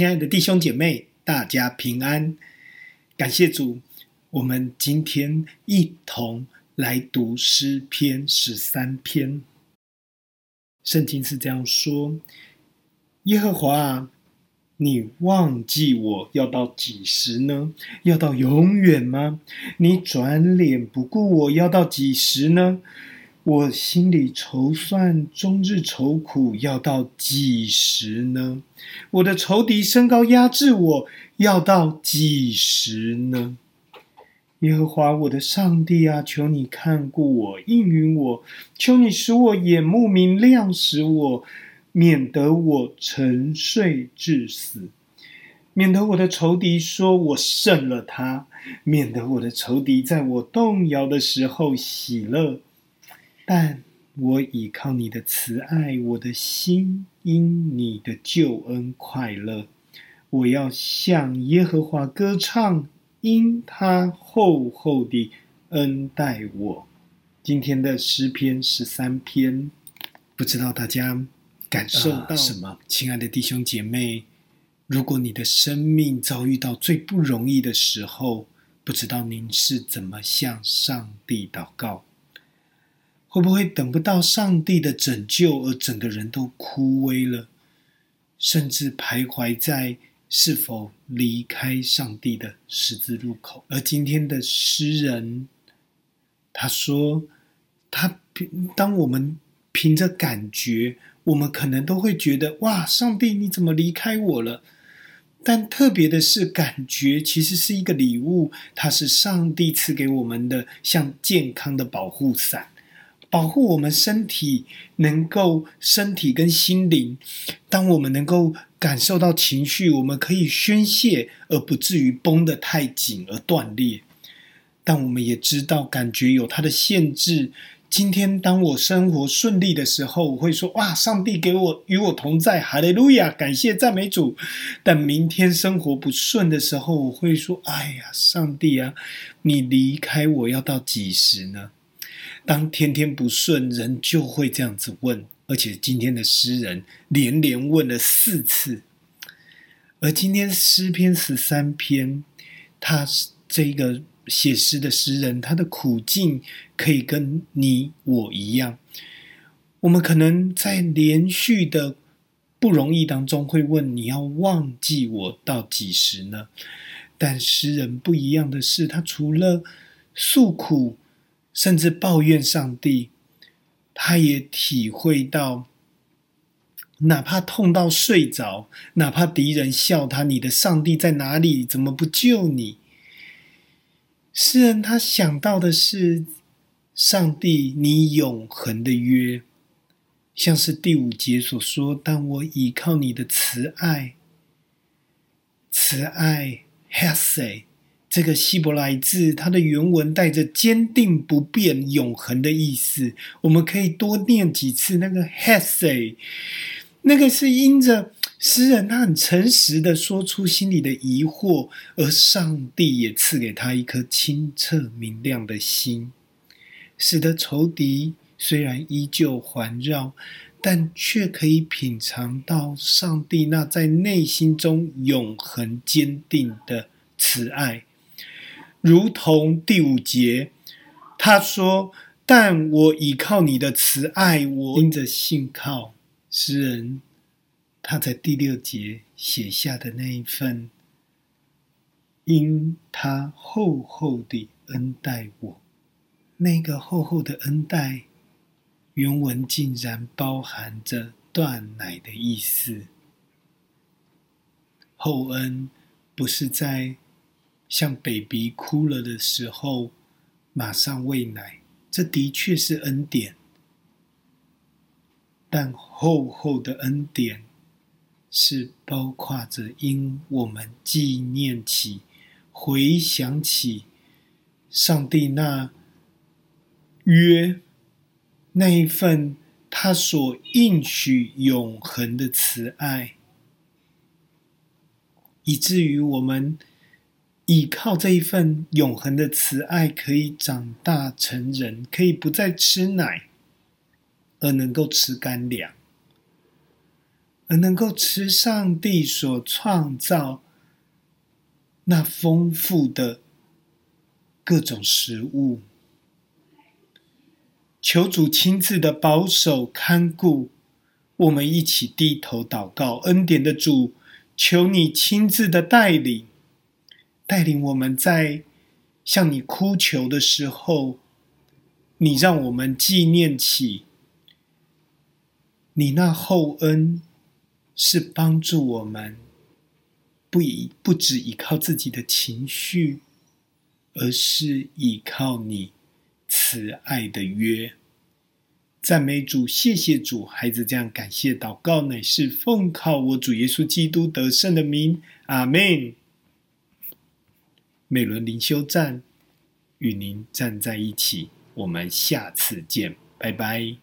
親愛的弟兄姐妹，大家平安！感謝主，我們今天一同來讀詩篇十三篇。聖經是這樣說：“耶和華啊，你忘記我要到幾時呢？要到永遠嗎？你轉臉不顧我要到幾時呢？”我心裏籌算，終日愁苦，要到幾時呢？我的仇敵升高壓制我，要到幾時呢？耶和華，我的上帝啊，求你看顧我，應允我，求你使我眼目明亮，使我免得我沉睡至死，免得我的仇敵說我勝了他，免得我的仇敵在我動搖的時候喜樂。但我倚靠你的慈愛，我的心因你的救恩快樂。我要向耶和華歌唱，因他厚厚地恩待我。今天的詩篇十三篇，不知道大家感受到、呃、什麼？親愛的弟兄姐妹，如果你的生命遭遇到最不容易的時候，不知道您是怎麼向上帝禱告？會不會等不到上帝的拯救，而整個人都枯萎了，甚至徘徊在是否離開上帝的十字路口？而今天的詩人，他說：“他憑當我們憑着感覺，我們可能都會覺得哇，上帝你怎麼離開我了？”但特別的是，感覺其實是一個禮物，它是上帝賜給我們的，像健康的保護傘。保護我們身體，能夠身體跟心靈，當我們能夠感受到情緒，我們可以宣洩，而不至於繃得太緊而斷裂。但我們也知道，感覺有它的限制。今天當我生活順利的時候，我會說：“哇，上帝給我與我同在，哈利路亞，感謝讚美主。”但明天生活不順的時候，我會說：“哎呀，上帝啊，你離開我要到幾時呢？”當天天不順，人就會這樣子問。而且今天的詩人連連問了四次，而今天詩篇十三篇，他這個寫詩的詩人，他的苦境可以跟你我一樣。我們可能在連續的不容易當中會問：你要忘記我到幾時呢？但詩人不一樣的是，他除了訴苦。甚至抱怨上帝，他也體會到，哪怕痛到睡着，哪怕敵人笑他，你的上帝在哪裡？怎麼不救你？詩人他想到的是，上帝，你永恆的約，像是第五節所說，但我倚靠你的慈愛，慈愛，hesed。這個希伯來字，它的原文帶着堅定不變、永恆的意思。我們可以多念幾次那個 Hesy 那個是因着詩人他很誠實的說出心裡的疑惑，而上帝也賜給他一顆清澈明亮的心，使得仇敵雖然依舊環繞，但卻可以品嘗到上帝那在內心中永恆堅定的慈愛。如同第五節，他說：“但我倚靠你的慈愛，我因着信靠詩人，他在第六節寫下的那一份，因他厚厚地恩待我，那個厚厚的恩待，原文竟然包含着斷奶的意思。厚恩不是在。”像 baby 哭了的時候，馬上餵奶，這的確是恩典。但厚厚的恩典，是包括着因我們紀念起、回想起上帝那約，那一份他所應許永恆的慈愛，以至於我們。依靠這一份永恆的慈愛，可以長大成人，可以不再吃奶，而能夠吃乾糧，而能夠吃上帝所創造那豐富的各種食物。求主親自的保守看顧，我們一起低頭禱告。恩典的主，求你親自的帶領。帶領我們在向你哭求的時候，你讓我們紀念起你那厚恩，是幫助我們不以不只依靠自己的情緒，而是依靠你慈愛的約。讚美主，謝謝主，孩子這樣感謝禱告乃是奉靠我主耶穌基督得勝的名，阿們。美崙靈修站與您站在一起，我們下次見，拜拜。